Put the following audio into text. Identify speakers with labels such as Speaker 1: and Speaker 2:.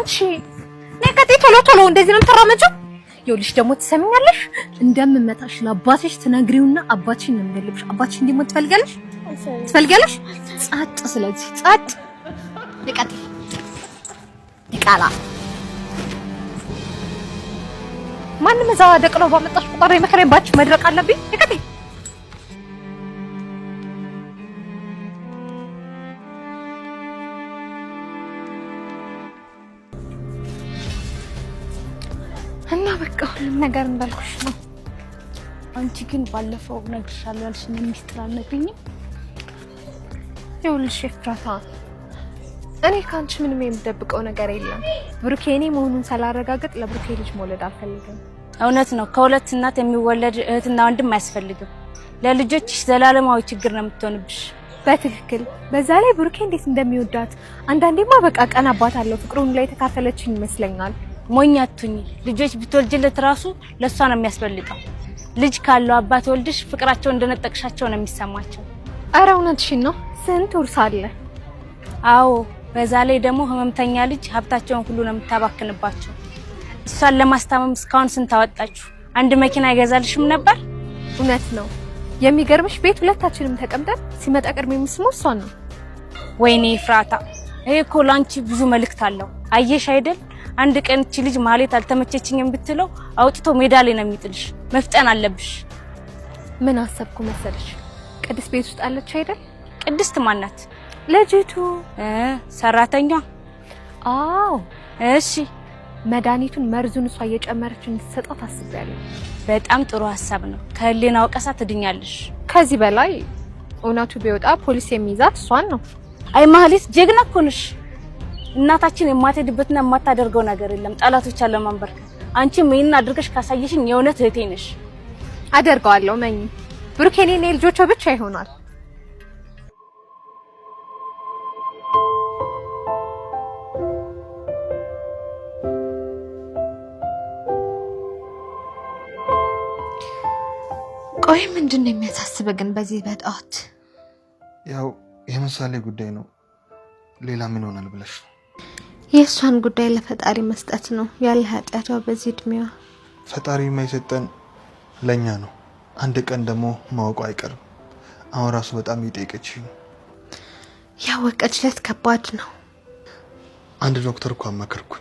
Speaker 1: አንቺ ነቀጤ ቶሎ ቶሎ እንደዚህ ነው የምትራመጪው? ይኸውልሽ ደግሞ ትሰሚኛለሽ፣ እንደምመጣሽ ለአባትሽ ትነግሪውና አባትሽን ነው የምገልብሽ። አባትሽ እንዲሞት ትፈልጋለሽ ትፈልጋለሽ? ጸጥ። ስለዚህ ጸጥ። ነቀጤ ይቃላ ማንም እዛ ደቅሎ ባመጣሽ ቁጥር ባች መድረቅ አለብኝ።
Speaker 2: እና በቃ ሁሉም ነገር እንዳልኩሽ ነው። አንቺ ግን ባለፈው እነግርሻለሁ ያልሽኝ ሚስጥር አልነግሪኝም። ይኸውልሽ ኤፍራታ፣ እኔ ከአንቺ ምንም የምደብቀው ነገር የለም። ብሩኬ እኔ መሆኑን ሳላረጋግጥ ለብሩኬ ልጅ መውለድ አልፈልግም።
Speaker 1: እውነት ነው። ከሁለት እናት የሚወለድ እህትና ወንድም አያስፈልግም። ለልጆችሽ ዘላለማዊ ችግር ነው የምትሆንብሽ።
Speaker 2: በትክክል በዛ ላይ ብሩኬ እንዴት እንደሚወዳት አንዳንዴማ በቃ ቀን አባት አለው ፍቅሩን ላይ የተካፈለችኝ ይመስለኛል።
Speaker 1: ሞኝ ልጆች ብትወልጅለት ራሱ ለእሷ ነው የሚያስበልጠው። ልጅ ካለው አባት ወልድሽ ፍቅራቸው እንደነጠቅሻቸው ነው የሚሰማቸው።
Speaker 2: እረ እውነትሽን ነው። ስንት ውርስ አለ።
Speaker 1: አዎ፣ በዛ ላይ ደግሞ ህመምተኛ ልጅ ሀብታቸውን ሁሉ ነው የምታባክንባቸው። እሷን ለማስታመም እስካሁን ስንት አወጣችሁ? አንድ መኪና ይገዛልሽም ነበር።
Speaker 2: እውነት ነው። የሚገርምሽ ቤት ሁለታችንም ተቀምጠን ሲመጣ ቅድሜ የምስመው እሷን ነው።
Speaker 1: ወይኔ ፍራታ፣ ይሄ እኮ ብዙ መልእክት አለው። አየሽ አይደል አንድ ቀን እቺ ልጅ ማህሌት አልተመቸችኝም ብትለው አውጥቶ ሜዳ ላይ ነው የሚጥልሽ። መፍጠን አለብሽ።
Speaker 2: ምን አሰብኩ መሰለሽ? ቅድስት ቤት ውስጥ አለች አይደል?
Speaker 1: ቅድስት ማናት? ልጅቱ ሰራተኛ። አዎ። እሺ፣
Speaker 2: መድኃኒቱን መርዙን እሷ እየጨመረች እንድትሰጠው ታስቢያለሁ።
Speaker 1: በጣም ጥሩ ሀሳብ ነው። ከህሊና ወቀሳ ትድኛለሽ።
Speaker 2: ከዚህ በላይ እውነቱ ቢወጣ ፖሊስ የሚይዛት እሷን ነው።
Speaker 1: አይ ማህሌት ጀግና እኮ ነሽ። እናታችን የማትሄድበትና የማታደርገው ነገር የለም። ጠላቶች አለ ማንበርከ አንቺም ይሄን አድርገሽ ካሳየሽኝ የእውነት እህቴ ነሽ።
Speaker 2: አደርገዋለሁ። መኝ ብሩኬ እኔና ልጆቿ ብቻ ይሆናል። ቆይ ምንድን ነው የሚያሳስበ ግን በዚህ በጠዋት?
Speaker 3: ያው የምሳሌ ጉዳይ ነው። ሌላ ምን ይሆናል ብለሽ ነው
Speaker 2: የእሷን ጉዳይ ለፈጣሪ መስጠት ነው ያለ ኃጢአቷ በዚህ እድሜዋ።
Speaker 3: ፈጣሪ የማይሰጠን ለእኛ ነው። አንድ ቀን ደግሞ ማወቁ አይቀርም። አሁን ራሱ በጣም እየጠየቀች
Speaker 2: ያወቀችለት ከባድ ነው።
Speaker 3: አንድ ዶክተር እኮ አማከርኩኝ።